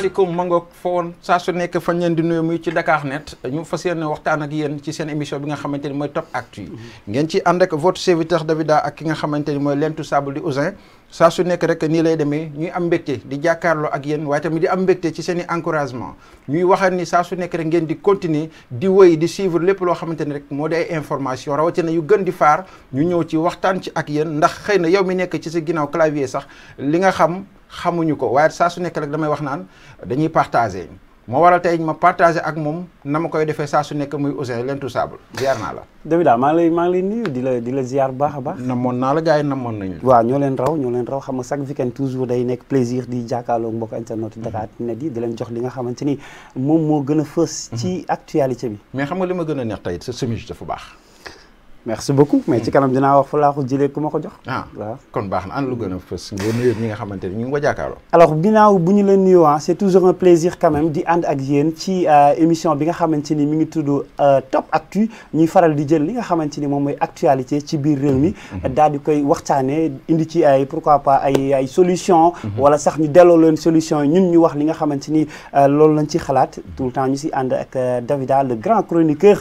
salaamaaleykum ma ngoog fa woon saa su nekk fañ leen di nuyu muy ci Dakar Net ñu fas yéene waxtaan ak yéen ci seen émission bi nga xamante ni mooy Top Actu yi ngeen ci ànd ak votre serviteur Davida ki nga xamante ni mooy Lentou Sable di Ousin saa su nekk rek nii lay demee ñuy am mbégte di jàkkaarloo ak yéen waaye tamit di am mbégte ci seeni i encouragement ñuy waxal ni saa su nekk rek ngeen di continuer di wéy di suivre lépp loo xamante ni rek moo di ay information rawatina yu gën di faar ñu ñëw ci waxtaan ci ak yéen ndax xëy na yow mi nekk ci sa ginnaaw clavier sax li nga xam xamuñu ko waaye saa su nekk rek damay wax naan dañuy partager moo waral tey ma partager ak moom na ma koy defee saa su nekk muy Ouzin l'Intouchable ziar naa la. Davida ah, maa maa ngi lay la di la a baax. namoon naa la gars yi namoon nañu la. waaw ñoo leen raw ñoo leen raw xam nga chaque weekend toujours day nekk plaisir di jàkkaarloog mbokk internet Dakar mm-hmm. net yi di jox li nga xamante ni moom moo gën a fës. Mm-hmm. ci actualité bi. mais xam nga li ma gën a neex tey sa chemise dafa baax. merci beaucoup mais ci kanam dinaa wax fa laa ko jëlee ku ma ko jox. Ah, kon baax na an lu gën a fës nga nuyoo ñi nga xamante ni ñu ngi ko jàkkaarloo. alors ginnaaw bu ñu leen nuyoo c'est toujours un plaisir quand même di ànd ak yéen ci euh, émission bi nga xamante ni mi ngi tudd euh, Top Actu ñuy faral di jël li nga xamante ni moom mooy actualité ci biir réew mi. Mm-hmm. Mm-hmm. daal di koy waxtaanee indi ci ay pourquoi pas ay ay solution mm-hmm. wala sax ñu delloo leen solution ñun ñu wax li nga xamante ni euh, loolu lañ ci xalaat tout le temps ñu si ànd ak Davida le grand chroniqueur.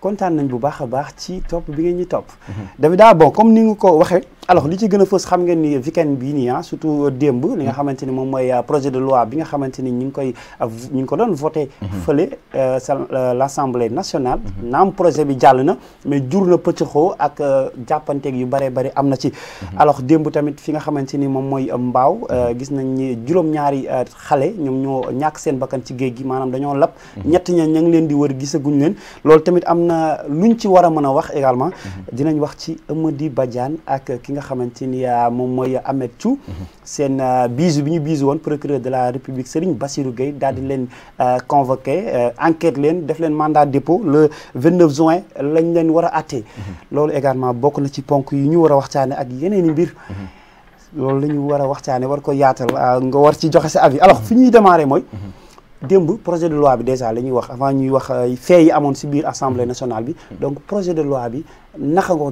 kontaan nañ bu baax a baax ci topp bi ngeen ñu topp. Mhm. daa ah, bon comme ni nga ko waxee. alors li ci gën a fës xam ngeen ni weekend bii nii ah surtout euh, démb li nga mm-hmm. xamante ni moom mooy euh, projet de loi bi nga xamante ni ñu ngi koy euh, ñu ngi ko doon voté mm-hmm. fële sa l' assemblée nationale mm-hmm. naam projet bi jàll na mais jur na pëccëxoo ak jàppanteeg yu bëree bëri am na ci alors démb tamit fi nga xamante ni moom mooy mbaaw gis nañ ni juróom-ñaari xale ñoom ñoo ñàkk seen bakkan ci géej gi maanaam dañoo lab ñett ña ña ngi leen di wër gisaguñ leen loolu tamit am na luñ ci war a mën a wax également dinañ ak nga xamante ni euh, moom mooy Ameth Thiou seen euh, bisu bi ñu bisu woon procureur de la République Serigne Bassirou Gueye daal di leen euh, convoqué enquête leen def leen mandat dépôt le 29 join lañ leen war a ate loolu également bokk na ci ponk yi ñu war a waxtaane ak yeneen i mbir loolu la ñu war a waxtaane war ko yaatal nga war ci joxe sa avis alors fi ñuy démarrer mooy démb projet de loi bi déjà la ñuy wax avant ñuy wax fee yi amoon ci biir assemblée nationale bi donc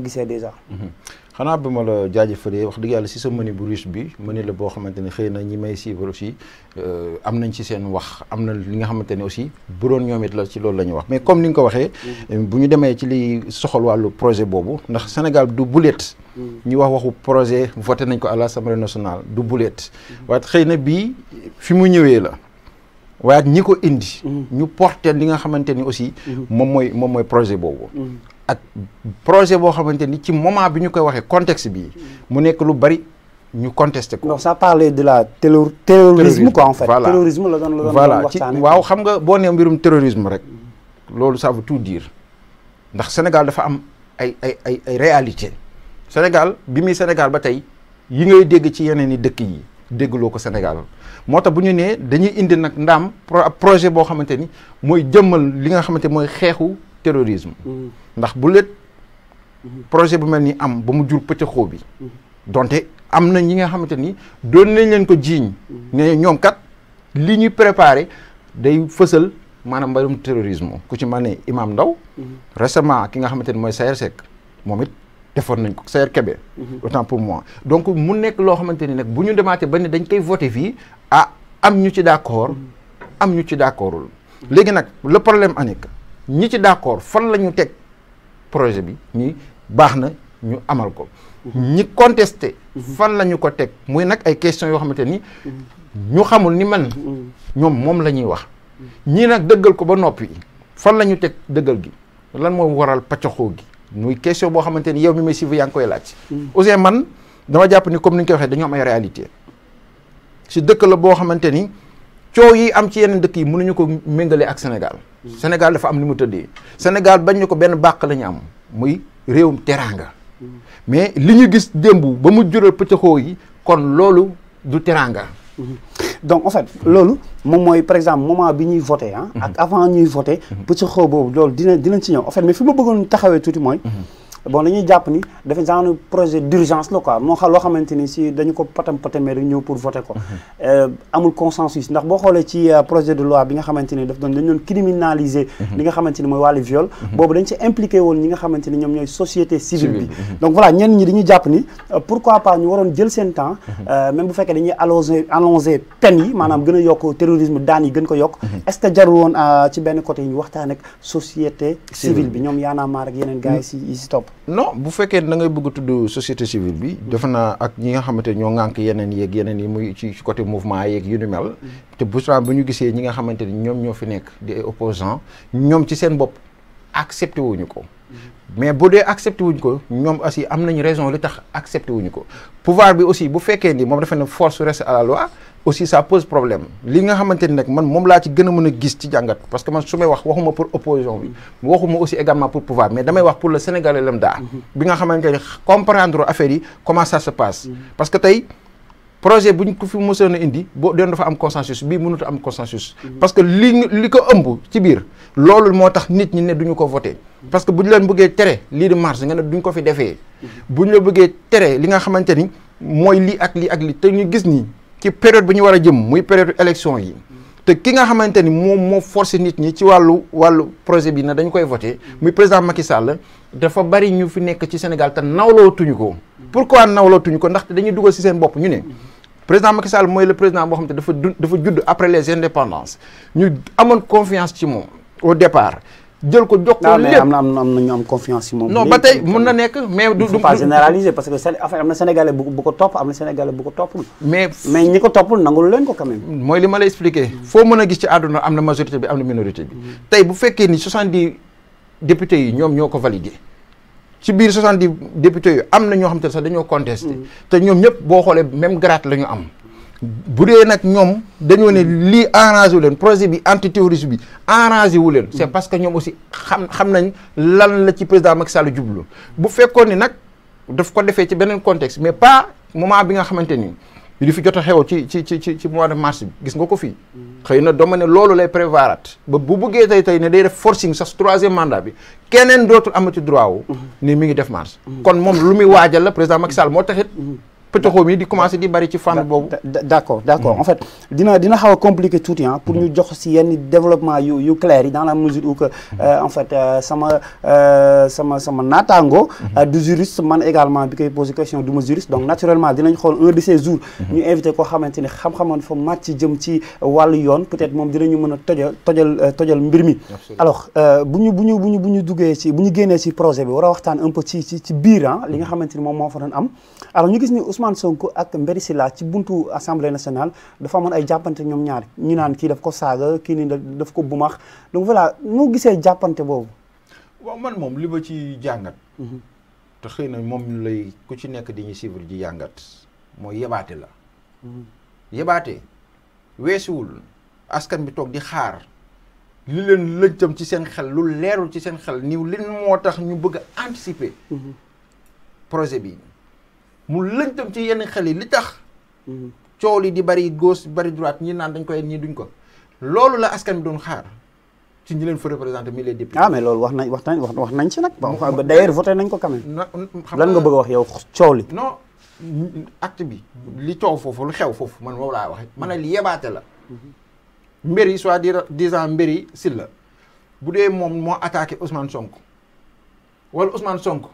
bi xanaa ba ma la jaajëfalee wax dëgg yàlla si sa mëni bu riche bi mëni la boo xamante ni xëy na ñi may suivre aussi euh, am nañ ci seen wax am na li nga xamante ne aussi bu doon ñoom it la ci loolu lañu wax mais comme ni nga ko mm-hmm. bu ñu demee ci li soxal wàllu projet boobu ndax Sénégal du bulet mm-hmm. ñu wax waxu projet voté nañ ko à l'Assemblée nationale du bulet mm-hmm. waaye xëy na bii fi mu ñëwee la waaye ñi ko indi ñu porté li nga xamante ni aussi moom mooy moom mooy projet boobu ak projet boo xamante ni ci moment bi ñu koy waxee contexte bii mu nekk lu bari ñu contesté ko. non ça parlait la terror terrorisme quoi voilà la doon la doon voilà ci waaw xam nga boo nee mbirum terrorisme rek loolu ça veut tout ndax Sénégal dafa am ay ay ay ay réalité Sénégal bi muy Sénégal ba tey yi ngay dégg ci yeneen i dëkk yi déggloo ko Sénégal moo tax bu ñu nee dañuy indi nag ndaam projet boo xamante ni mooy jëmmal li nga xamante mooy xeexu. terrorisme mm. ndax bu let mm. projet bu mel ni am ba mu jur pëccëxoo bi mm. donte am na ñi nga xamante ni doon nañ leen ko jiiñ ne ñoom kat li ñuy préparé day fësal maanaam mbarum terrorisme ku ci man ne imaam Ndaw récemment ki nga xamante ni mooy Sayer Seck moom it defoon nañ ko Sayer Kébé autant pour moi donc mu nekk loo xamante ni nag bu ñu demaate ba ne dañ koy voté fii ah am ñu ci d' accord am ñu ci d' accordul léegi nag le problème Annick ñi ci d'accord fan la ñu teg projet bi ni baax na ñu amal ko ñi conteste fan la ñu ko teg muy nag ay questions yoo xamante ni ñu xamul ni man ñoom moom la ñuy wax ñii nag dëggal ko ba noppi fan la ñu teg dëggal gi lan moo waral paccaxoo gi muy question boo xamante ni yow mi may suivre yaa ngi koy laaj aussi man dama jàpp ni comme ni ñu koy waxee dañoo am ay réalité si dëkk la boo xamante ni coow yi am ci yeneen dëkk yi mënuñu ko méngale ak Sénégal Sénégal dafa am ni mu tëddee Sénégal bañ ñu ko benn bàq la am muy réewum teraanga mais li ñu gis démb ba mu jural pëccëxoo yi kon loolu du teraanga donc en fait loolu moom mooy par exemple moment bi ñuy voté ah mhm. ak avant ñuy voté mhm. pëccëxoo boobu loolu dina dinañ ci ñëw en fait mais fi ma bëggoon taxawee tuuti mooy mhm. bon dañuy jàpp ni dafa projet d'urgence la loo xamante ni si dañu ko patam patamee rek ñëw pour voter ko mhm. euh, amul consensus ndax boo xoolee ci euh, projet de loi bi nga xamante ni daf doon dañ doon criminaliser mhm. li nga xamante ni mooy wàllu viol mhm. boobu dañ ci impliqué woon ñi nga xamante ni ñoom ñooy société civile bi donc voilà ñenn ñi dañuy jàpp ni euh, pourquoi pas ñu waroon jël seen temps même bu fekkee dañuy allonger allonger yi maanaam gën a yokk terrorisme daan yi gën ko yokk est-ce que jarul woon ci benn côté yi ñu waxtaan ak société civile bi ñoom yaanaa maar ak yeneen gars yi si si topp non bu fekkee da ngay bëgg tudd société bi mm-hmm. defe naa ak ñi nga xamante ñoo ŋànk yeneen yeeg yeneen yi muy ci côté mouvement yeeg yu ni mel mm-hmm. te busra bu ñu gisee ñi nga xamante ni ñoom ñoo fi nekk di ay opposant ñoom ci seen bopp accepté wuñu ko mais bu dee accepté wuñ ko ñoom aussi am nañu raison li tax accepté wuñu ko pouvoir bi aussi bu fekkee ni moom dafa na force reste à la loi aussi ça pose problème li nga xamante ni nag man moom laa ci gën a mën a gis ci jàngat parce que man su may wax waxuma pour opposition bi waxuma aussi également pour pouvoir mais damay wax pour le sénégalais lambda mhm. bi nga xamante ni comprendre affaire yi comment ça se passe mhm. parce que tey projet bu ñu ko fi mosoon a indi boo doon dafa am consensus bii mënut a am consensus. parce que li li ko ëmb ci biir loolu moo tax nit ñi ne duñu ko voté. parce que bu ñu leen bëggee tere lii di marche nga ne duñ ko fi defee. bu ñu la bëggee tere li nga xamante ni mooy lii ak lii ak lii te ñu gis nii ci période bu ñu war a jëm muy période élection yi. te ki nga xamante ni moom moo forcé nit ñi ci wàllu wàllu projet bi na dañu koy voté muy président Macky Sall dafa bari ñu fi nekk ci Sénégal te nawlootuñu ko. pourquoi nawlootuñu ko ndaxte dañuy dugal ci seen bopp ñu ne. président Macky Sall mooy le président boo xam te dafa du dafa judd après les indépendances ñu amoon confiance ci moom au départ jël ko jox ko lépp am na am na am moom. non ba tey mun na nekk mais. du du pas généraliser que seen affaire am na bu ko topp am na Sénégalais bu ko topp mais mais ñi ko toppul nangul leen ko quand mooy li ma lay expliquer. foo mën a gis ci àdduna am na majorité bi am na minorité bi. Mm-hmm. tey bu fekkee ni soixante-dix députés yi ñoom ñoo ko validé. ci biir soixante di député yu am na ñoo xam te sax dañoo contesté mm. te ñoom ñëpp boo xoolee même grade la ñu am bu dee nag ñoom dañoo ne lii arrangé wu leen projet bi antiterroriste bi arrangé wu leen c'est parce que ñoom aussi xam xam nañ lan la ci président Macky Sall jublu bu fekkoon ni nag daf ko defee ci beneen contexte mais pas moment bi nga xamante ni li fi jot a xew ci ci ci ci ci mois de mars bi gis nga ko fii mm. xëy na dama ne loolu lay prévoirat ba bu bëggee tey tey ne day def forcing sax troisième mandat bi keneen dootul amati droit wu. Mm-hmm. nii mi ngi def marche. kon moom lu muy waajal la président mac Sall moo taxit. Mm-hmm. pëtaxoom yi di commencé di bari ci fànn boobu d' accord d' accord en fait dina dina xaw a tuuti ah pour ñu jox si yenn développement yu yu clair yi dans la mesure où que euh, en fait euh, sama euh, sama sama naataango du juriste man également bi koy posé question du ma juriste donc naturellement dinañ xool un de ces jours mhm. ñu invité koo xamante ni xam-xamoon fa màcc jëm ci wàllu yoon peut-être moom ñu mën a tojal tojal tojal mbir mi alors bu ñu bu ñu bu ñu bu ñu duggee si bu ñu génnee si projet bi war a waxtaan un peu ci ci li nga mhm. xamante ni moom moo fa doon am alors ñu gis ni Ousmane Sonko ak Mbéri Silla ci buntu assemblée nationale dafa amoon ay jàppante ñoom ñaar ñu naan kii daf ko saaga kii nii daf ko bumax donc voilà noo gisee jàppante boobu. waaw man moom li ma ci jàngat. Mhm. te xëy na moom ñu lay ku ci nekk di ñu suivre ji jàngat mooy yebaate la. Mhm. yebaate weesuwul askan bi toog di xaar li leen lëjtam ci seen xel lu leerul ci seen xel niw li moo tax ñu bëgg a anticiper. Mhm. projet bi. mu lëndëm ci yenn xel yi li tax mhm. coow li di bari gauche bari droite ñi naan dañ koy ñi duñ ko loolu la askan bi doon xaar ci ñi leen fa représenté mi les députés. Ah, loolu wax nañ wax nañ wax nañ ci nag. ba d'ailleurs voté nañ ko quand même. lan nga bëgg a wax yow coow li. non acte bi. li coow foofu lu xew foofu man moom laa waxee. ma ne li yebaate la. Mhm. mbir yi soit disant mbir yi si la bu dee moom moo attaqué Ousmane sonk wala Ousmane sonk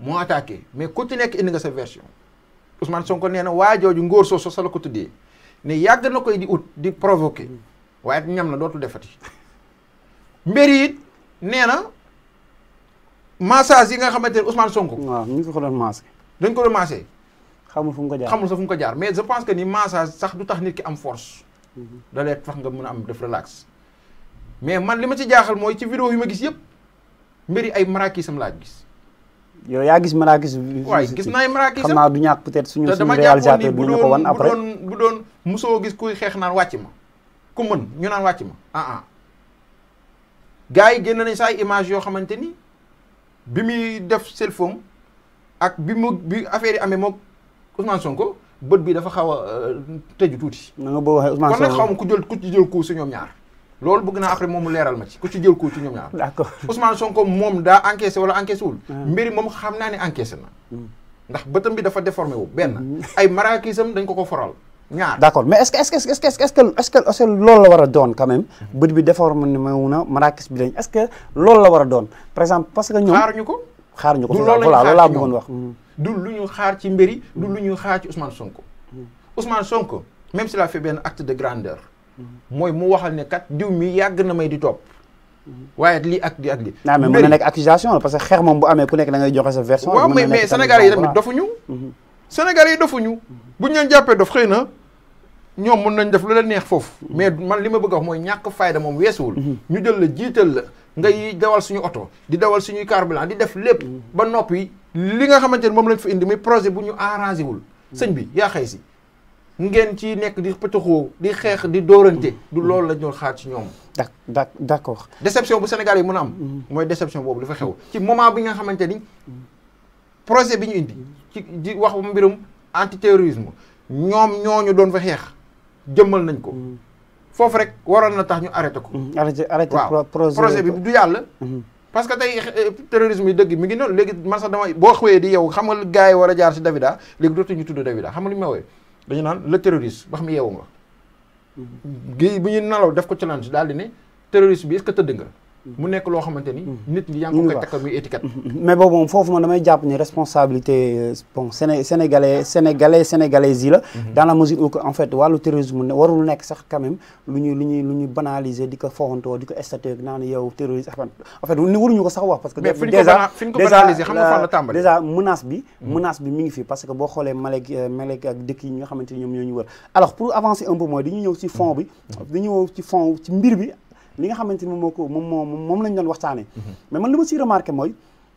moo attaqué mais ku nekk indi nga sa version Ousmane Sonko nee na waa jooju ngóor soo sosa la ko tuddee ne yàgg na koy di ut di provoqué waaye ñam na dootul defati mbir it nee na massage yi nga xamante ne Ousmane Sonko. waaw ñu ngi ko dañ ko doon massé. xamul fu mu ko jaar xamul sa fu mu ko jaar mais je pense que ni massage sax du tax nit ki am force. Mhm. da lay nga mun a am def relax. mais man li ma ci jaaxal mooy ci vidéo yi ma gis yëpp mbir yi ay maraakisam laa gis. yow yaa gis maraakis. waaye gis naa maraakis xam naa du ñàkk peut-être suñu suñu réalisateur bu ñu ko wan après bu doon bu doon musoo gis kuy xeex naan wàcc ma ku mën ñu naan wàcc ma ah ah. gars yi génn nañ sa ay image yoo xamante ni bi muy def selfom ak bi mu bi affaire yi amee moog Ousmane Sonko bët bi dafa xaw a euh, tëju tuuti. na nga boo waxee Ousmane xaw ma ku jël ku ci jël ko si ñoom ñaar. loolu bëgg naa après moom mu leeral ma ci ku ci jël ko ci ñoom ñaar. d'accord Ousmane Sonko moom daa encaissé wala encaissé wul. Hmm. mbiri moom xam naa ne encaissé na. Hmm. ndax bëtam bi dafa déformé wu benn. Hmm. ay maraakisam dañ ko ko foral. ñaar d'accord mais est-ce que est-ce que est-ce que est-ce que est-ce que est-ce que loolu la war a doon quand même bët bi déformé wu na maraakis bi lañ est-ce que loolu la war a doon par exemple que ñoom xaaruñu ko. xaaruñu ko voilà loolu wax. du lu ñu xaar ci mbiri du ñu xaar ci Ousmane Sonko. Ousmane Sonko même s'il a fait benn acte de mooy mu waxal ne kat diw mi yàgg na may di topp. waaye lii ak lii ak lii. naa mais mën na nekk accusation la parce que xeex moom bu amee ku nekk da ngay joxe sa version. waaw mais mais Sénégal yi tamit dofuñu. Mhm. Sénégal yi dofuñu. buñ leen jàppee dof xëy na ñoom mën nañ def lu la neex foofu. Mhm. mais man li ma bëgg a mooy ñàkk fayda moom weesuwul. Mhm. ñu jël la jiital la ngay dawal suñu oto di dawal suñuy carburant di def lépp. ba noppi li nga xamante ne moom lañ fi indi muy projet bu ñu arrangé wul. sëñ bi yaa xëy si ngeen ci nekk di pëccëxoo di xeex di dóorante du mm-hmm. loolu la ñu xaar ci ñoom. da d' accord. déception bu Sénégal yi mun am. Mm-hmm. mooy déception boobu li fa xew ci moment bi nga xamante ni mm-hmm. projet bi ñu indi. ci di wax mbirum antiterrorisme ñoom ñooñu doon fa xeex jëmmal nañ ko. foofu rek waroon na tax ñu arrêté ko. arrêté arrêté projet bi du yàlla. parce que tey eh, terrorisme yi dëgg mi ngi noonu léegi man sax dama boo xëyee di yow xam nga war a jaar si Davida léegi dootuñu tudd Davida xam nga lu ñu ma dañu naan le terroriste ba xam yeewu nga. Mm-hmm. géej bu ñuy nalaw def ko challenge daal di ne terroriste bi est-ce tëdd nga. mu nekk loo xamante ni. Mm-hmm. nit ñi yaa ngi koy takkal muy étiquette. Mm-hmm. Mm-hmm. mais boobu moom foofu man damay jàpp ni responsabilité euh, bon Séné sénégalais sénégalais sénégalaises yi la. dans la mesure où en fait wàllu terrorisme ne warul nekk sax quand même lu ñuy lu ñuy lu ñuy banaliser di ko foxantoo di ko estater naan yow terroriste en fait ni waruñu ko sax wax. parce que déjà déjà déjà menace bi. menace bi mi ngi fi parce que boo xoolee Malek euh, Malek ak dëkk yi nga xamante ni ñoom ñoo ñu wër alors pour avancer un peu mooy dañuy ñëw ci fond bi. dañuy ñëw ci fond ci mbir bi. li nga xamante ni moo ko moom moo moom lañ doon waxtaanee. Mhm. mais ma li ma si remarqué mooy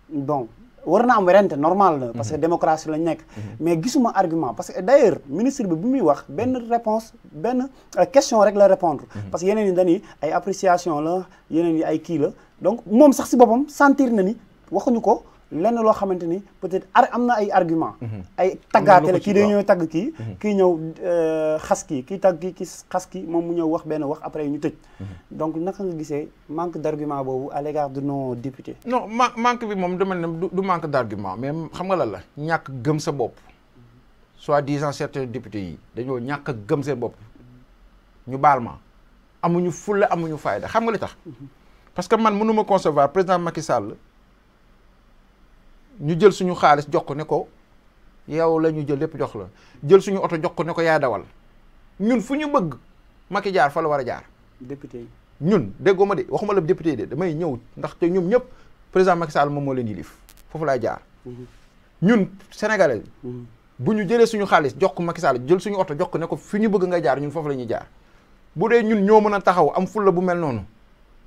bon war na am werante normal na. parce que mhm. démocratie lañ nekk. Mhm. mais gisuma argument parce que d' ailleurs ministre bi bu muy wax benn réponse benn euh, question rek la répondre parce que yeneen yi dañuy ay appréciation la yeneen yi ay kii la donc moom sax si boppam santir na ni waxuñu ko. lenn loo xamante ni peut-être ar am na ay argument mhm. ay taggaate la kii day ñëw tagg kii mhm. kii ñëw euh, xas kii kii tagg kii kii xas kii moom mu ñëw wax benn wax après ñu tëj mhm. donc naka nga gisee manque d'argument boobu à l'égard de nos députés non ma manque bi moom dama ne du manque d'argument mais xam nga lan la ñàkk gëm sa bopp soit soi en certains députés yi dañoo ñàkk a gëm seen bopp ñu baal ma amuñu fulla amuñu fayda xam nga li tax parce que man mënuma concevoir président Macky Sall ñu jël suñu xaalis jox ne ko yow la ñu jël lépp jox la jël suñu oto jox ne ko yaa dawal ñun fu ñu bëgg Macky jaar fa la war a jaar. député ñun déggoo ma de waxuma la député yi de damay ñëw ndax ñoom ñëpp président Macky Sall moom moo leen yilif foofu laay jaar. Mhm. ñun sénégalais. Mhm. bu ñu jëlee suñu xaalis jox ko Macky Sall jël suñu oto jox ne ko fu ñu bëgg nga jaar ñun foofu la ñuy jaar bu dee ñun ñoo mën a taxaw am fulla bu mel noonu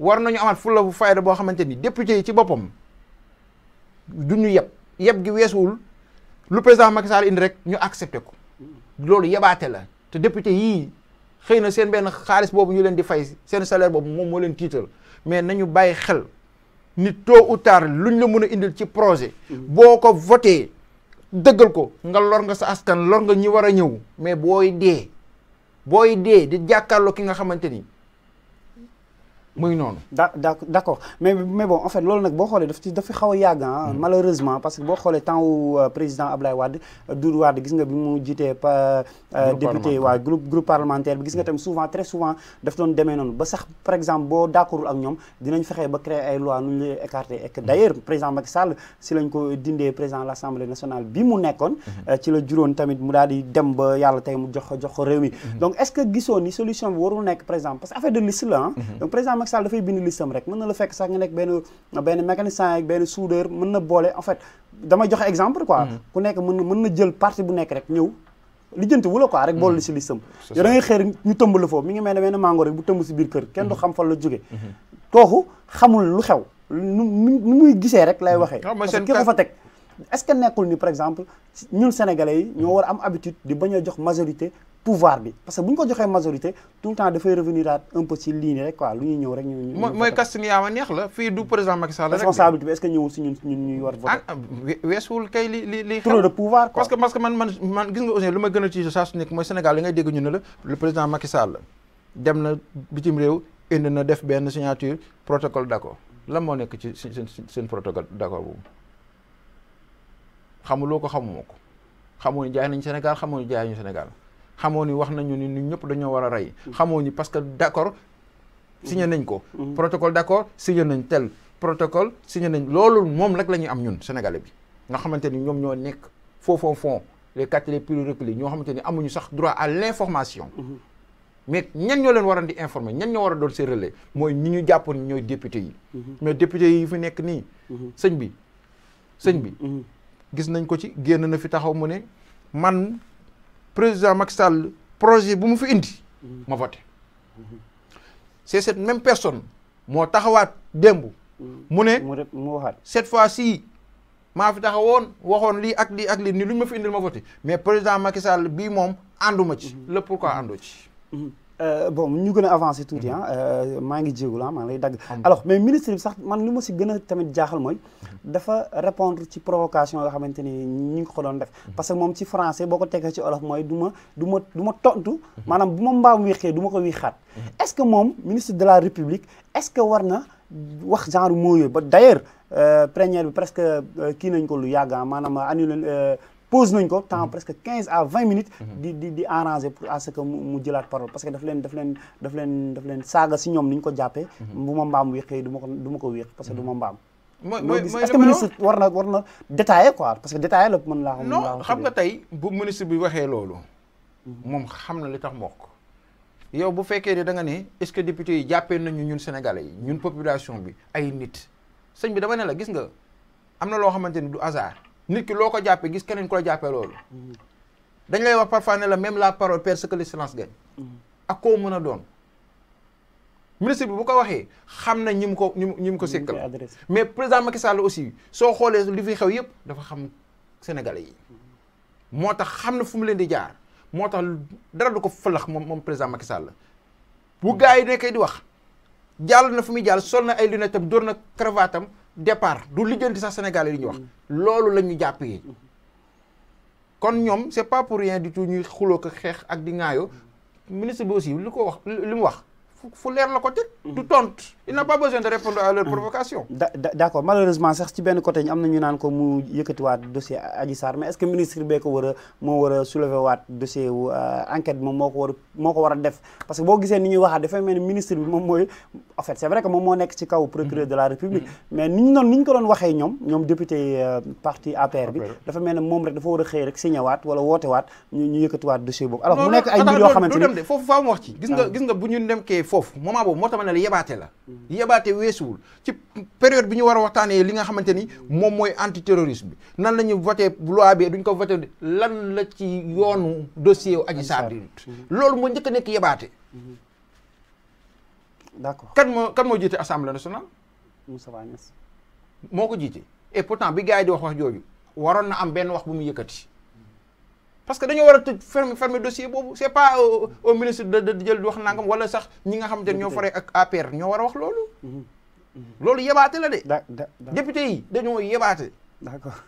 war nañu amaat fulla bu fayda boo xamante ni député yi ci boppam. du ñu yeb yeb gi weesuwul lu président Macky Sall indi rek ñu accepté ko loolu yebaate la te député yii xëy na seen benn xaalis boobu ñu leen di fay seen salaire boobu moom moo leen tiital mais nañu bàyyi xel nit tôt ou tard luñ la mën a indil ci projet. boo ko voté dëggal ko nga lor nga sa askan lor nga ñi war a ñëw mais booy dee booy dee di jàkkaarloo ki nga xamante ni. muy noonu da d' accord mais mais bon en fait loolu nag boo xoolee daf ci dafa xaw yàgg hmm. malheureusement parce que boo xoolee temps wu euh, président Ablaye Wade Doudou Wade gis nga bi mu jiitee euh, député waaw groupe groupe parlementaire bi gis nga hmm. tamit souvent très souvent daf doon demee noonu ba sax par exemple boo d'accordul ak ñoom dinañ fexee ba créer ay loi nu ñu lay écarté et que hmm. président Macky Sall si lañ ko dindee président de l' assemblée nationale bi mu nekkoon euh, ci la juróon tamit mu daal di dem ba yàlla tey mu jox jox ko réew mi donc est gisoo ni solution bi warul nekk par exemple la Macky Sall dafay bind listam rek mën na la fekk sax nga nekk benn benn mécanicien ak benn soudeur mën na boole en fait damay jox exemple quoi. Hmm. ku nekk mën na mën na jël parti bu nekk rek ñëw. lijjanti wu la quoi rek boole hmm. si listam. yow da ngay ñu tëmb la foofu mi ngi mel ne benn mango rek bu tëmb si biir kër kenn du hmm. xam fan la jóge kooku xamul lu xew nu nu muy gisee rek lay waxee. Ah, parce que ki ko fa teg est-ce que nekkul ni par exemple ñun sénégalais yi ñoo war a am habitude di bañ a jox majorité pouvoir bi parce que bu ñu ko joxee majorité tout temps dafay revenir à un peu ci ligne rek quoi lu ñuy ñëw mooy casting yaa ma neex la fii du président Macky Sall rek. que ñëwul si ñun ñun ñuy war voter. Ah, parce que man man gis nga aussi lu ma gën a tiisoo saa su nekk mooy Sénégal li ngay dégg ñu ne la le président Macky Sall dem na bitim réew indi na def benn signature protocole d'accord lan moo nekk ci seen xamuloo ko xamuma ko xamoo ni jaay nañ Sénégal xamoo ni jaay xamoo ni wax nañu ni ñun ñëpp dañoo war a rey mm. xamoo ni parce que d'accord signé mm. nañ ko mm. protocole d'accord signé nañ tel protocole signé nañ loolu moom rek la ñuy am ñun sénégale bi nga xamante ni ñoom ñoo nekk foofu fond les quatre les ñoo xamante ni amuñu sax droit à l'information mm-hmm. mais ñan ñoo leen war a di informer ñan ñoo war a doon seen mooy ñi ñu jàppoon ñooy député yi mm-hmm. mais député yi fi nekk nii mm-hmm. sëñ bi sëñ bi gis nañ ko ci génn na fi taxaw mu ne man président Macky projet bu mu fi indi ma voté c'est cette même personne moo taxawaat démb mu ne mu waxaat cette fois-ci maa fi taxawoon waxoon lii ak lii ak lii ni lu ñu ma fi indil ma voté mais président Macky Sall bii moom ànduma ci mhm. le pourquoi àndoo ci mhm. Euh, bon ñu gën a avancé tuuti ah maa ngi jéegul ah maa ngi lay dagg alors mais ministre bi sax man li ma si gën a tamit jaaxal mooy mhm. dafa répondre ci provocation yoo xamante ni ñu ngi ko doon def mhm. parce que moom ci français boo ko tekkee ci olof mooy du du ma du ma tontu maanaam bu ma mbaam wéexee du ma ko wéexaat est-ce que moom ministre de la république est-ce que war na wax genre moo yooyu ba d'ailleurs euh, première bi presque kii nañ ko lu yàgg ah, maanaam annulé pose nañ ko temps mhm. presque quinze à vingt minutes. Mhm. di di di arranger pour à ce que mu mu jëlaat parole parce que daf leen daf leen daf saaga si ñoom ni ñu ko jàppee. Mhm. bu ma mbaam wéqee du ma ko du ma ko wéq parce que du mbaam. mooy mooy est-ce que na war na détaillé quoi parce que nga tey bu ministre waxee loolu. moom xam na li tax mbokk. yow bu fekkee ne da nga ne est-ce que député yi jàppee nañu ñun Sénégalais yi ñun population bi ay nit sëñ bi dama ne la gis nga am na loo xamante ni du hasard. nit ki loo ko jàppee gis keneen ku la jàppee loolu. dañ lay wax parfois ne la même la parole perd ce que le silence gagne. ak koo mën a doon. ministre bi bu ko waxee xam na ñi mu ko ñi mu ko sekkal mais président Macky Sall aussi soo xoolee li fi xew yëpp dafa xam sénégal yi. moo tax xam na fu mu leen di jaar moo tax dara du ko fëlax moom moom président Macky Sall bu gars yi nekkee di wax jàll na fu muy jàll sol na ay lunettes am dóor na cravate départ du lijjanti sax Sénégal yi ñuy wax loolu la ñu jàpp yi kon ñoom c'est pas pour rien du tout ñuy xuloo ko xeex ak di ŋaayoo ministre bi aussi li ko wax li mu wax fu leer la ko teg du tontu il n'a pas besoin de répondre à leurs ah. malheureusement sax ci benn côté ñu am na ñu naan ko mu yëkkatiwaat dossier Adji mais est-ce que ministre bee ko war a moo war a soulever waat dossier wu euh, enquête moom moo ko war moo ko war a def parce que boo gisee ni ñuy waxaat dafay mel ni ministre mooy en c'est vrai que moom moo nekk ci kaw procureur de la République mm. mais ni ñu doon ni ñu ko doon waxee ñoom ñoom député euh, parti APR bi dafa mel moom rek dafa war a xëy rek signé waat wala woote waat ñu ñu yëkkatiwaat dossier boobu alors mu nekk ay mbir yoo xamante ni foofu faaw mu wax ci gis ah. ñu demkee la yebaate weesuwul ci période bi ñu war a waxtaanee li nga xamante ni moom mooy antiterrorisme bi nan la ñu voté loi bi duñ ko voté lan la ci yoonu dossier wu Adji Sarr di loolu moo njëkk nekk yebaate mm-hmm. d'accord kan moo kan moo jiite assemblée na Moussa Niass moo ko jiite et pourtant bi gars yi di wax wax jooju waroon na am benn wax bu mu yëkkati parce que dañoo war a tëj fermer fermer dossier boobu c'est pas au ministre de de jël di wax nangam wala sax ñi nga xam te ñoo fare ak APR ñoo war a wax loolu. Mhm. Mhm. loolu yebaate la de. député yi dañoo yebaate. d'accord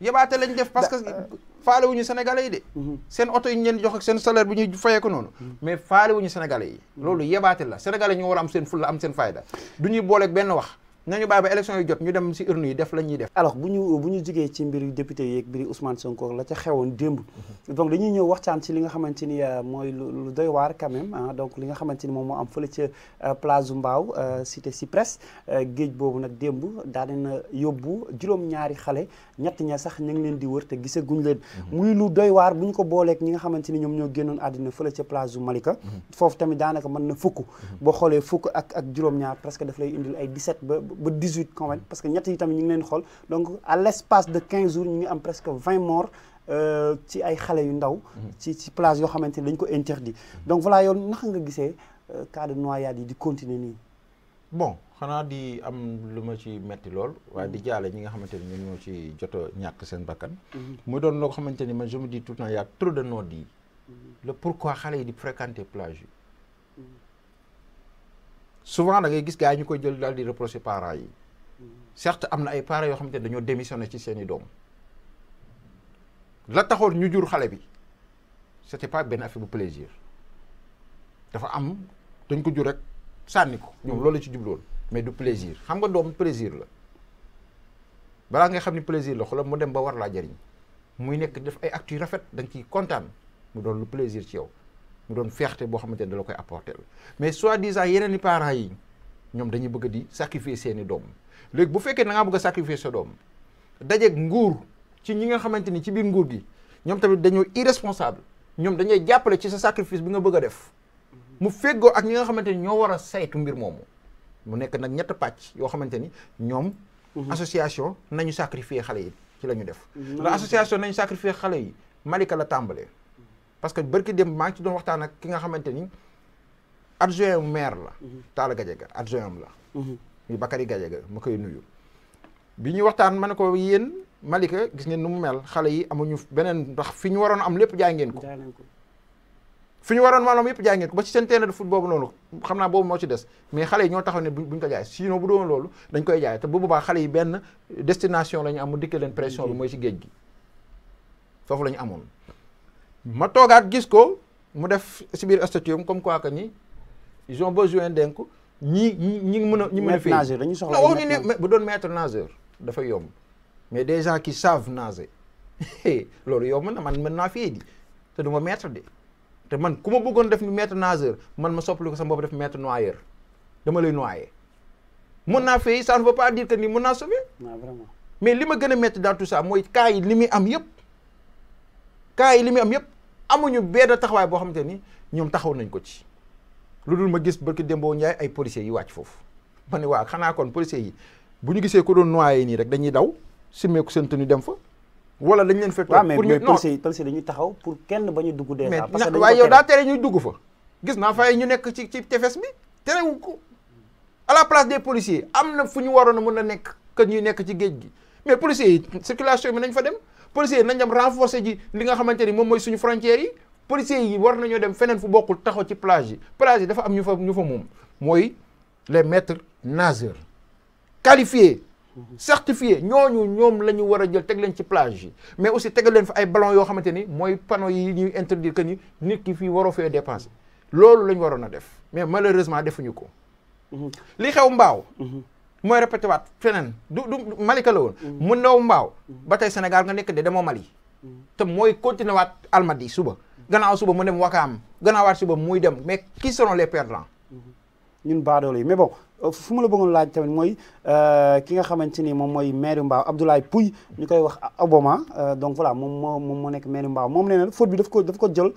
yebaate lañ def parce que euh. faale wuñu sénégalais yi de. Mhm. seen oto yi ñu leen jox ak seen salaire bi ñuy fayee ko noonu. mais faale wuñu sénégalais yi. loolu yebaate la sénégalais ñoo war am seen fulla am seen fayda du ñuy booleek benn wax. nañu bàyyi ba élection yi jot ñu dem si urne yi def la def alors bu ñu bu ci jigee ci mbiri député yeeg mbiri Ousmane Sonko la ca xewoon démb donc dañuy ñëw waxtaan ci li nga xamante ni euh, mooy lu doy waar quand même donc li nga xamante ni moom moo am fële ca euh, place Mbao euh, cité Cyprès géej boobu nag démb daa na yóbbu juróom-ñaari xale ñett ña sax ñu ngi leen di wër te gise guñ leen mhm. muy lu doy waar bu ñu ko booleeg ñi nga xamante ni ñoom ñoo génnoon àddina fële ca place Malika mhm. foofu tamit daanaka mën na fukk mhm. boo xoolee fukk ak ak juróom-ñaar presque daf lay indil ay 17 ba ba 18 convaincre parce que ñett yi tamit ñu ngi leen xool donc à l' espace de 15 jours ñu ngi am presque 20 morts euh, ci ay xale yu ndaw. Mhm. ci ci plage yoo xamante ni dañ ko interdit mhm. donc voilà yow naka nga gisee euh, cas de noyade yi di continuer nii. bon xanaa di am lu ma ci metti lool waaye di mhm. jaale ñi nga xamante ni ñoom ñoo ci joto ñàkk seen bakkan. mu doon loo xamante ni ma je me dis tout temps y' a de noyades yi. le pourquoi xale yi di fréquenter plage yi. souvent da ngay gis gaa yi ñu koy jël daal di reprocher parents yi certes am na ay parents yoo xamante ne dañoo démissionné ci seeni doom la taxoon ñu jur xale bi c'était pas benn affaire bu plaisir dafa am dañ ko jur rek sànni ko ñoom loolu ci jubloon mais du plaisir xam nga doom plaisir la balaa nga xam ni plaisir la xoolal mu dem ba war laa jariñ muy nekk def ay actes yu rafet da nga ciy kontaan mu doon lu plaisir ci yow mu doon fierté boo xamante ni da la koy apporter mais soi-disant yeneen i parents yi ñoom dañuy bëgg di sacrifier seeni doom léegi bu fekkee da bëgg a sacrifier sa doom dajeeg nguur ci ñi nga xamante ni ci biir nguur gi ñoom tamit dañoo irresponsable ñoom dañuy jàppale ci sa sacrifice bi nga bëgg a def mu feggoo ak ñi nga xamante ni ñoo war a seytu mbir moomu mu nekk nag ñett pàcc yoo xamante ni ñoom. Mhm. association nañu sacrifier xale yi ci la ñu def. Mhm. la association nañu sacrifier xale yi Malika la tàmbalee. parce que barki dem maa ngi ci doon waxtaan ak ki nga xamante ni adjoint maire la. Mhm. Talla Gadiaga adjoint am la. Mhm. muy Bakary Gadiaga ma koy nuyu. bi ñu waxtaan ma ne ko yéen Malika gis ngeen nu mu mel xale yi amuñu beneen ndax fi ñu waroon am lépp jàngeen ngeen ko. fi ñu waroon maanaam yëpp jaay ngeen ko ba ci seen terrain de foot boobu noonu xam naa boobu moo ci des mais xale yi ñoo taxaw ne buñ ko jaay sinon bu doon loolu dañ koy jaay te bu boobaa xale yi benn destination am mu leen pression bi mhm. mooy ci géej gi la ñu amoon. ma toogaat gis ko mu def si biir statut comme quoi que nii ils ont besoin denk ñi ñi mën a ñi mën a fii nageur dañuy soxla wax ñu ne bu doon maître nageur dafa yomb mais des gens qui savent nager loolu yomb na man mën naa fii di te du ma maître de te man ku ma bëggoon def ni maître nageur man ma soppali ko sama bopp def maître noyeur dama lay noyer mun naa fii ça ne veut pas dire que nii mun naa sauver vraiment mais li ma gën a métti dans tout ça mooy cas yi li muy am yëpp cas yi li muy am yëpp amuñu benn taxawaay boo xamante ni ñoom taxaw nañ ko ci lu dul ma gis barki Dembo Ndiaye ay policiers yi wàcc foofu ma ne waa xanaa kon policiers yi bu ñu gisee ko doon noyé nii rek dañuy daw mee simmeeku seen tenue dem fa. wala dañ leen fekk. pour ñu non policiers yi policiers dañuy taxaw pour kenn ba ñu dugg dee. parce que waaye yow daa tere ñuy dugg fa. gis naa fay ñu nekk ci ci tefes bi terewu ko à la place des policiers am na fu ñu waroon a mën a nekk que ñuy nekk ci géej gi mais policiers yi circulation bi nañ fa dem. policiers nañ dem renforcer ji li nga xamante ni moom mooy suñu frontières yi policiers yi war nañoo dem feneen fu bokkul taxaw ci plage yi plage yi dafa am ñu fa ñu fa moom mooy les maîtres nageurs qualifiés certifiés ñooñu ñoom la ñu war a jël teg leen ci plage yi mais aussi tegal leen fa ay ballon yoo xamante ni mooy panneau yi ñuy interdire que ni nit ki fii waroo fee dépenser loolu la ñu waroon a def mais malheureusement defuñu ko mhm. li xew mbaaw mhm. mooy répété waat feneen du du Malika la woon. Mm. mu ndaw mbaaw. Mm. ba tey Sénégal nga nekk de demoo Mali. Mm. te mooy continué waat Almadi suba. gannaaw suba mu dem am gannaaw waat suba muy dem mais qui seront les la mm-hmm. ñun baadoolo yi mais bon euh, fu ma la bëggoon laaj tamit mooy euh, ki nga xamante ni moom mooy maire Mbao Abdoulaye Pouy ñu koy wax Obama euh, donc voilà moom moo moom moo nekk maire mbaaw moom nee na faute bi daf ko daf ko jël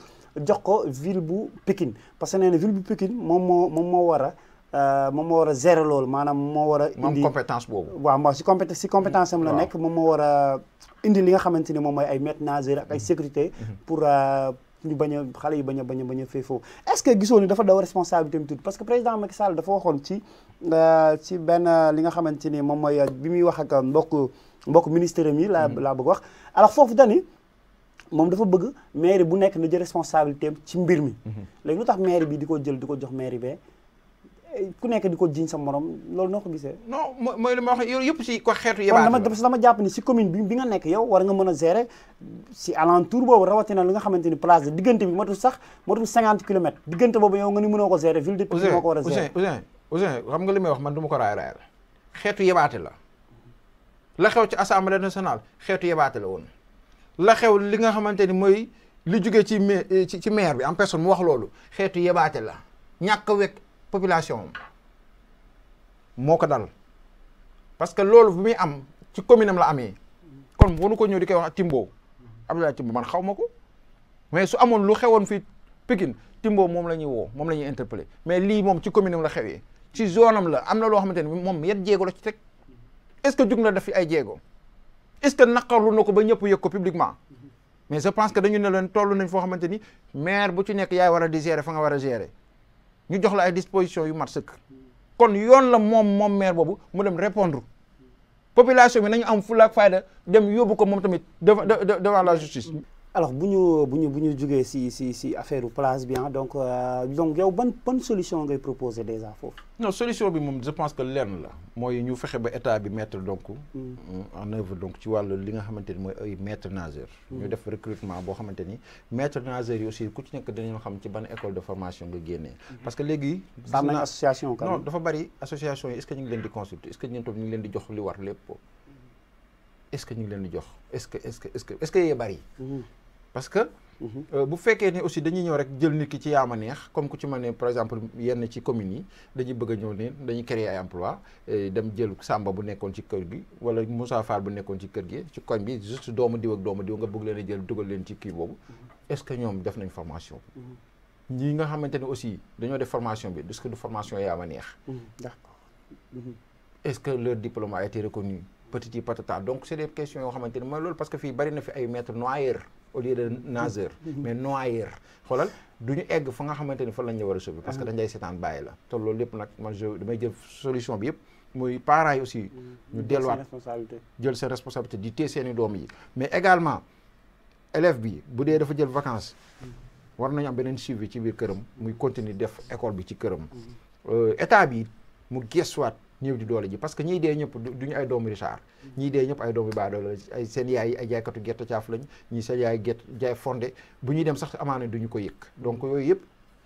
jox ko ville bu Pikine parce que nee bu Pikine moom moo moom moo war a Euh, moom moo war a gérer loolu maanaam moo war a. indi compétence boobu. waaw ma si compétence si compétence am la nekk moom moo war a indi li nga xamante ni moom mooy ay maîtres ay mm-hmm. sécurité. Mm-hmm. pour euh, ñu bañ xale yi bañ bañ a bañ a féefoo est-ce que gisoo ni dafa daw responsabilité tuuti parce que président Macky Sall dafa waxoon ci euh, ci benn li xamante ni moom mooy bi muy wax ak mbokk mbokk ministère yi laa mm-hmm. laa bëgg wax alors foofu dani moom dafa bëgg maire bu nekk na jël responsabilité ci mbir mi. léegi lu tax maire bi di ko jël di ko jox maire bee. ku nekk di ko jiñ sa morom loolu noo ko gisee. non mooy ma wax yëpp si ko xeetu yebaatu la jàpp ni si commune bi bi nga nekk yow war nga mën a gérer si alentour boobu rawatina li xamante ni place de bi matul sax matul cinquante kilomètres diggante boobu yow nga ni mënoo ko gérer. ville a nga li may wax man du ma ko raay la xeetu yebaate la la xew ci assemblée national xeetu yebaate la woon la xew li nga xamante ni mooy li jógee eh, ci ci maire bi en personne mu wax loolu xeetu yebaate la ñàkk wekk population moo ko dal parce que loolu bu muy am ci commune am la amee kon wanu ko ñëw di koy wax Timbo Abdoulaye Timbo man xaw ma ko mais su amoon lu xewoon fii Pikine Timbo moom la ñuy woo moom la ñuy mais lii moom ci commune am la xewee ci zone am la am na loo xamante ne moom yat jéego la ci teg est-ce que jug na daf ay jéego est-ce que naqarlu na ko ba ñëpp yëg ko publiquement mais je pense que dañu ne leen toll nañ foo xamante ni maire bu ci nekk war a di gérer fa nga war a gérer ñu jox la ay dispositions yu mat sëkk kon yoon la moom moom maire boobu mu dem répondre population bi nañu am fulla ak dem yóbbu ko moom tamit devant devant la justice alors bu ñu bu ñu ñu jógee si si si affaire place bi ah, donc euh, donc yow ban ban solution ngay proposer déjà foofu. non solution bi moom je pense que lenn la mooy ñu fexe ba état bi mettre donc. Mm. Euh, en œuvre donc ci wàll li nga xamante ni mooy ay maître nageur. Mm. ñu def recrutement boo xamante ni maître nageur yi aussi ku ci nekk dañu xam ci ban école de formation nga génnee. Mm-hmm. parce que léegi. am nañu association non dafa bari association yi est-ce leen di consulter est-ce que ñoom ñu ngi leen di jox li war mm-hmm. jox est-ce que parce que mhm. euh, bu fekkee ne aussi dañuy ñëw rek jël nit ki ci yaama neex comme ku ci mel ne par exemple yenn ci communes yi dañuy bëgg a ñëw ne dañuy créer ay emploi dem jël Samba bu nekkoon ci kër gi wala Moussa Fall bu nekkoon ci kër gi ci koñ bi juste doomu diw ak doomu diw nga bëgg leen a leen ci kii boobu mhm. est-ce que ñoom def nañ formation mhm. ñi nga xamante ne aussi dañoo def formation bi parce que du formation yaama neex d'accord est-ce que leur diplôme a au lieu de nageur mais noyeur xoolal du ñu egg fa nga xamante ni fa lañ la war a sauver parce que dañ lay seetaan bàyyi la te loolu lépp nag man je damay jël bi yëpp muy parents yi aussi ñu delluwaat jël seen responsabilité di téye seeni doom yi mais également élève bi bu dee dafa jël vacances war nañu am beneen suivi ci biir këram muy continuer def école bi ci këram euh, état bi mu gestuwaat néew di doole ji parce que ñiy dee ñëpp duñu ay doomu Richard ñiy dee ñëpp ay doomu baadoolo la seen yaay ay jaaykatu gerte caaf lañ ñii seen yaay gerte jaay fondé bu ñuy dem sax amaana duñu ko yëg donc yooyu yëpp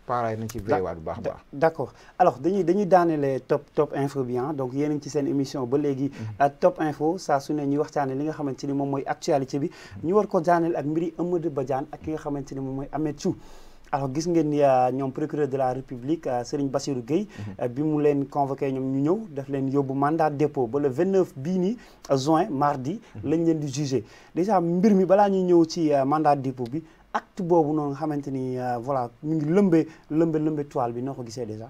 paaraay nañ ci veillewaat bu baax baax d'accord alors dañuy dañuy daanelee top top info bi ah, donc yéen a ci seen émission ba léegi mm-hmm. euh, top info saa su ne ñuy waxtaane li nga xamante ni moom mooy actualité bi mm-hmm. ñu war ko daaneel ak mbiri Eumeudi Badiane ak ki nga xamante ni moom mooy Ameth alors gis ngeen ni euh, ñoom procureur de la république euh, Serigne Bassirou Gueye mhm. euh, bi mu leen convoqué ñoom ñu ñëw daf leen yóbbu mandat dépôt ba le 29 bii nii juin mardi mhm. lañ leen di jugé déjà mbir mi balaa ñuy ñëw ci mandat dépôt bi acte boobu noonu nga xamante ni voilà ñu ngi lëmbee lëmbe lëmbe toile bi noo ko gisee déjà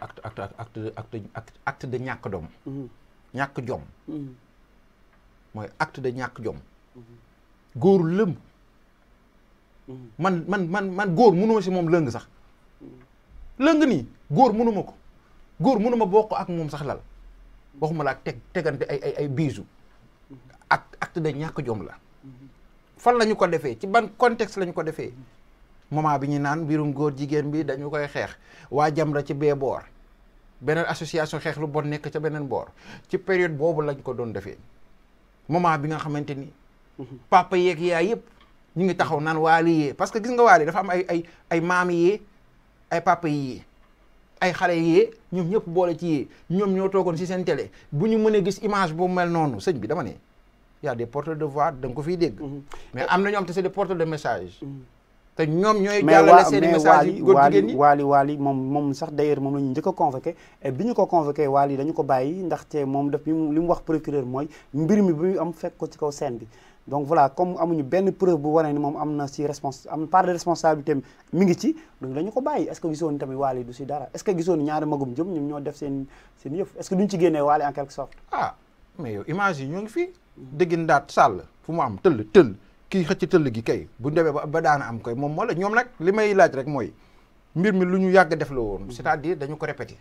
acte acte acte acte acte de ñàkk doom mhm. ñàkk jom mooy acte de ñàkk jom góor lëm man man man man góor mënuma si moom lëng sax lëng nii góor mënuma ko góor mënuma bokk ak moom sax lal waxuma la ak teg tegante ay ay ay biisu ak acte de ñàkk jom la fan lañu ko defee ci ban contexte lañu ko defee moment bi ñu naan mbirum góor jigéen bi dañu koy xeex waa Jamra ci bee boor beneen association xeex lu bon nekk ci beneen boor ci période boobu lañ ko doon defee moment bi nga xamante ni mhm. papa yeeg yaay yëpp ñu ngi taxaw naan waali yee parce que gis nga waali dafa am ay ay ay maam yee ay papa yee ay xale yee ñoom ñëpp boole ci yee ñoom ñoo toogoon si seen télé bu ñu mënee gis image bu mel noonu sëñ bi dama ne y a des porteurs de voix da nga ko fiy dégg. Mm-hmm. mais eh am na ñoom te c'est des de message. Mm-hmm. te ñoom ñooy. jàllale seen message yi góor jigéen ñi waali waali moom moom sax d'ailleurs moom la ñu njëkk a convoqué bi ñu ko convoqué waali dañu ko bàyyi ndaxte moom daf li mu wax procureur mooy mbir mi bi muy am fekk ko ci kaw seen bi. donc voilà comme amuñu benn preuve bu wane ni moom am na si respons am part de responsabilité mi ngi ci donc dañu ko bàyyi est-ce que gisoon tamit Wally du si dara est-ce que gisoon ñaari magum jëm ñoom ñoo def seen seen yëf est-ce que duñ ci génnee Wally en quelque sorte. ah mais yow image yi ñoo ngi fii dëggindaat ndaat sàll fu mu am tëll tëll kii xëcc tëll gi kay bu ñu demee ba ba daana am koy moom moo ñoom nag li may laaj rek mooy mbir mi lu ñu yàgg def la woon. Mm-hmm. c'est-à-dire dañu ko répété.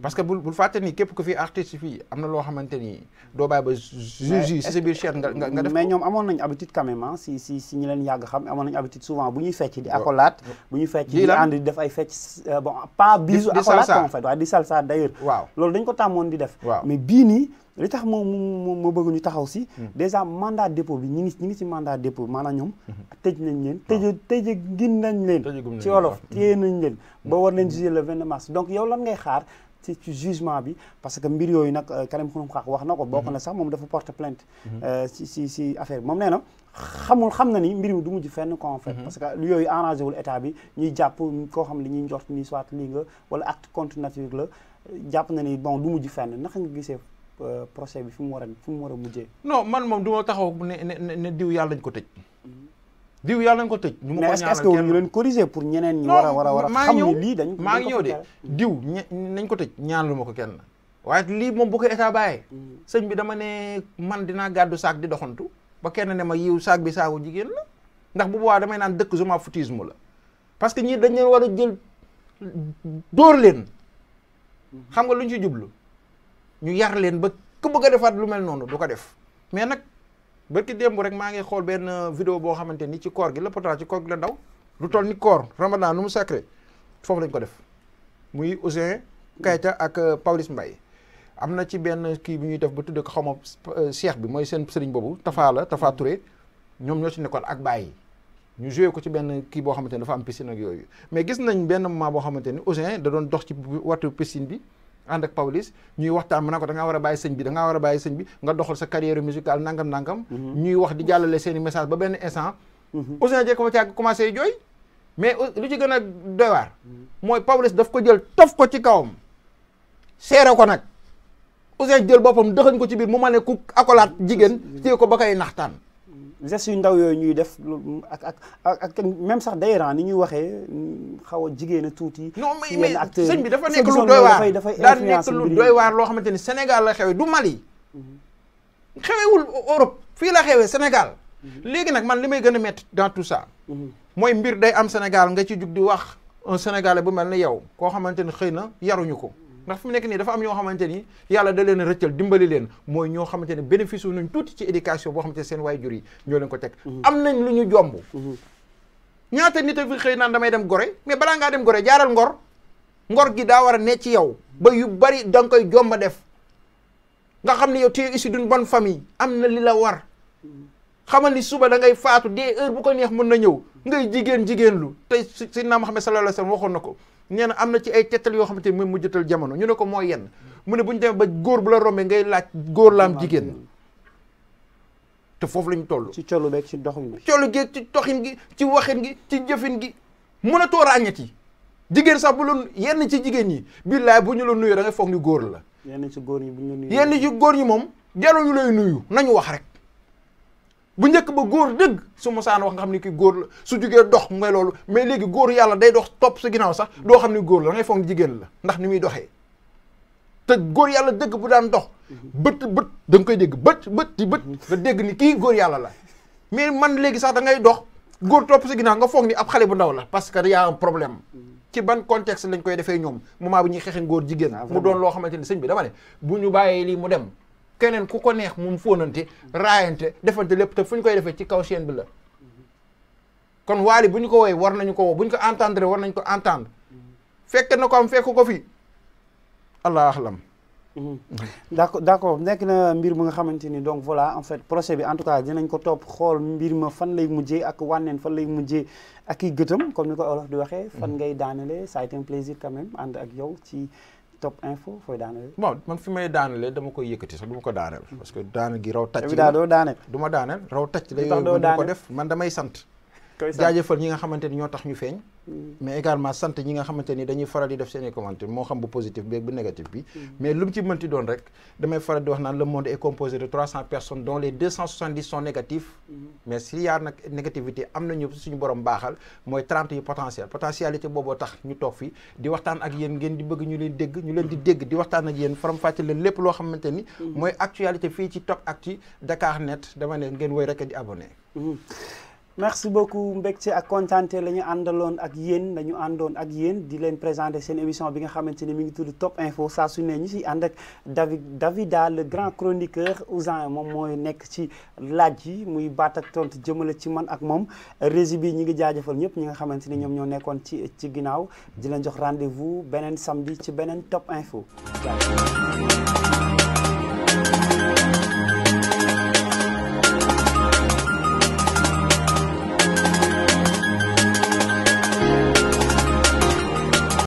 parce que bu bu fàtte ni képp ku fi artiste fii am na loo xamante ni doo bàyyi ba juge si sa biir chair nga def mais ñoom amoon nañu habitude quand même ah, si si leen yàgg xam amoon nañu habitude souvent bu ñuy fecc di accolade bu ñuy fecc di ànd di def ay fecc euh, bon pas bisu accolade en fait waaye di salsa d'ailleurs waaw loolu dañ ko tàmmoon di def mais bii nii li tax moo moo moo bëgg ñu taxaw si hmm. déjà mandat dépôt bi ñi ngi ñi ngi si mandat dépôt maanaam ñoom hmm. tëj nañ leen tëj tëj gin nañ leen ci nañ leen ba hmm. war leen jugé le 22 mars donc yow xaar ci ci jugement bi parce que mbir yooyu nag euh, Karim Xrum Xax wax na ko bokk na sax moom dafa porter plainte mhm. euh, ci ci ci affaire bi moom nee na xamul xam na ni mbir mi du mujj fenn quoi en mhm. parce que lu yooyu arrangé wul état bi ñuy jàpp koo xam ne ñuy njort ni soit lii nga wala acte contre nature la jàpp na ni bon du mujj fenn naka nga gisee euh, procès bi fu mu war a fu mu war a mujjee no man moom du ma taxaw ne ne diw yàlla lañ ko tëj mhm. diw yàlla nañ ko tëj. ñu ma ko ñaanal kenn leen corriger pour ñeneen ñi. war a lii dañ maa ngi ñëw de diw nañ ko tëj ñaanalu ma ko kenn. waaye lii moom bu ko état bàyyee. Mm. sëñ bi dama ne man dinaa gàddu saak di doxantu. ba kenn ne ma yiw saak bi saaku jigéen la. ndax bu boobaa damay naan dëkk zuma foutisme la. parce que ñii dañ leen war a jël dóor leen. Mm. xam nga lu ñu ci jublu. ñu yar leen ba ku bëgg defaat lu mel noonu du ko def mais nag. bërki démb rek maa ngi xool benn euh, vidéo boo xamante ni ci koor gi la pourtant ci koor gi la daw lu toll ni koor ramadan lu mu sacré foofu lañ ko def muy Ouzin Keita ak euh, Pawlish mbay am na ci benn kii bi ñuy def ba tuddee ko xaw ma euh, cheikh bi mooy seen sëriñ boobu Tafa la Tafa mm-hmm. Touré ñoom ñoo ci nekkoon ak bàyyi ñu joué ko ci benn kii boo xamante ni dafa am piscine ak yooyu mais gis nañ benn moment boo xamante ni Ouzin da doon dox ci wattu piscine bi ànd ak Pawlish ñuy waxtaan mu naa ko da war a bàyyi sëñ bi da ngaa war a bàyyi sëñ bi nga doxal sa carrière musicale nangam nangam mhm. ñuy wax di jàllale seeni i message ba benn instant mhm. Ouzin Dieng ko fa càag commencé y jooy mais lu ci gën a doy mhm. mooy Pawlish daf ko jël tof ko ci kawam seere ko nag Ouzin jël boppam dëxañ ko ci biir mu ma ne ku akolaat jigéen téye ko ba kay naxtaan gestes yu ndaw yooyu ñuy def ak ak ak même sax d'ailleurs ni ñuy waxee xaw a jigéen a tuuti. non mais mais sëñ bi dafa nekk lu doy waar daan nekk lu doy loo xamante ni Sénégal la xewee du Mali. Mhm. xewewul Europe fii la xewee Sénégal. Mhm. léegi nag man li may gën a métti dans tout mhm. mooy mbir day am Sénégal nga ci jug di wax un bu mel ni yow koo xamante ni xëy na yaruñu ko. ndax fi mu nekk nii dafa am ñoo xamante ni yàlla da leen a dimbali leen mooy ñoo xamante ne bénéfice wu nañ tuuti ci éducation boo xamante ne seen waajur yi ñoo leen ko teg mhm. am nañ lu ñu jomb mhm. ñaata nit a fi xëy naan damay dem gore mais balaa ngaa dem gore jaaral ngor ngor gi daa war a ne ci yow ba yu bari da nga koy jomba def nga xam ne yow téye issu d'une bonne famille am na li la war xamal ni suba da ngay faatu dee heure bu ko neex mën na ñëw ngay jigéen jigéen lu tey Seydina Muhammad sallallahu alayhi wa sallam waxoon na ko nee am na ci ay tettal yoo xamante ni mu mujjatal jamono ñu ne ko mooy yenn mu ne bu ñu demee ba góor bu la rombee ngay laaj góor laam jigéen te foofu lañu toll. ci colu beeg ci doxin bi. colu geeg ci doxin gi ci waxin gi ci jëfin gi a mënatoo ràññati jigéen sax bu la yenn ci jigéen ñi billaay bu ñu la nuyu da ngay foog ni góor la. yenn ci góor ñi bu yenn ci góor ñi moom jarul ñu lay nuyu nañu wax rek. bu njëkk ba góor dëgg su mosaan wax nga xam ni ki góor la su jugee dox mooy loolu mais léegi góor yàlla day dox topp sa ginnaaw sax doo xam ni góor la da foog jigéen la ndax ni muy doxee te góor yàlla dëgg bu daan dox bët bët da nga koy dégg bët bët di bët nga dégg ni kii góor yàlla la mais man léegi sax da ngay dox góor topp sa ginnaaw nga foog ni ab xale bu ndaw la parce que a un problème ci ban contexte lañ koy defee ñoom moment bi ñuy xeexee góor jigéen ah, mu doon loo xamante ni sëñ bi dama ne bu ñu bàyyee lii mu dem keneen ku ko neex mun fóonante raayante defante lépp te fu ñu koy defee ci kaw chaîne bi la kon waali bu ñu ko woy war nañu ko woo bu ñu ko entendre war nañu ko entendre fekk na ko am fekk ko fi allah axlam mmh. d'accord d'accord nekk na mbir mu nga xamante ni donc voilà en fait procès bi en tout cas dinañ ko topp xool mbir ma fan lay mujjee ak wànneen fan lay mujjee ak i gëtam comme ni ko olof di waxee fan mmh. ngay daanale ça a été un plaisir quand même ànd ak yow ci top info fooy daaneel. bon man fi may daanelee dama koy yëkkati sax du ma ko daaneel. Hmm. parce que daaneel gi raw tàcc. yow daa doo daaneel du ma daaneel raw tàcc. li tax doo daaneel ko def man damay sant. koy sant jaajëfal ñi nga xamante ni ñoo tax ñu feeñ. mais également sant ñi nga xamante ni dañuy faral di def seen i commentaire moo xam bu positif bi ak bu négatif bi. Mm. mais lu mu ci mënti doon rek damay faral di wax naan le monde est composé de 300 personnes dont les 270 sont négatifs. Mm. mais si y a nag négativité am nañu suñu borom baaxal mooy 30 yi potentiel potentialité booboo tax ñu toog fii di waxtaan ak yéen ngeen di bëgg ñu leen dégg ñu leen di dégg di waxtaan ak yéen faram fàcce leen lépp loo xamante ni. Mm. mooy actualité fii ci Top Actu Dakar Net dama ne ngeen woy rek di abonné. merci beaucoup mbégte ak kontaante la ñu àndaloon ak yéen lañu àndoon ak yéen di leen présenté seen émission bi nga xamante ni mi ngi tudd Top Info saa su ne ñu si ànd ak David Davida le grand chroniqueur Ousin moom mooy nekk ci laaj yi muy baat ak tontu jëmale ci man ak moom régie bi ñi ngi jaajëfal ñëpp ñi nga xamante ni ñoom ñoo nekkoon ci ci ginnaaw di leen jox rendez-vous beneen samedi ci beneen Top Info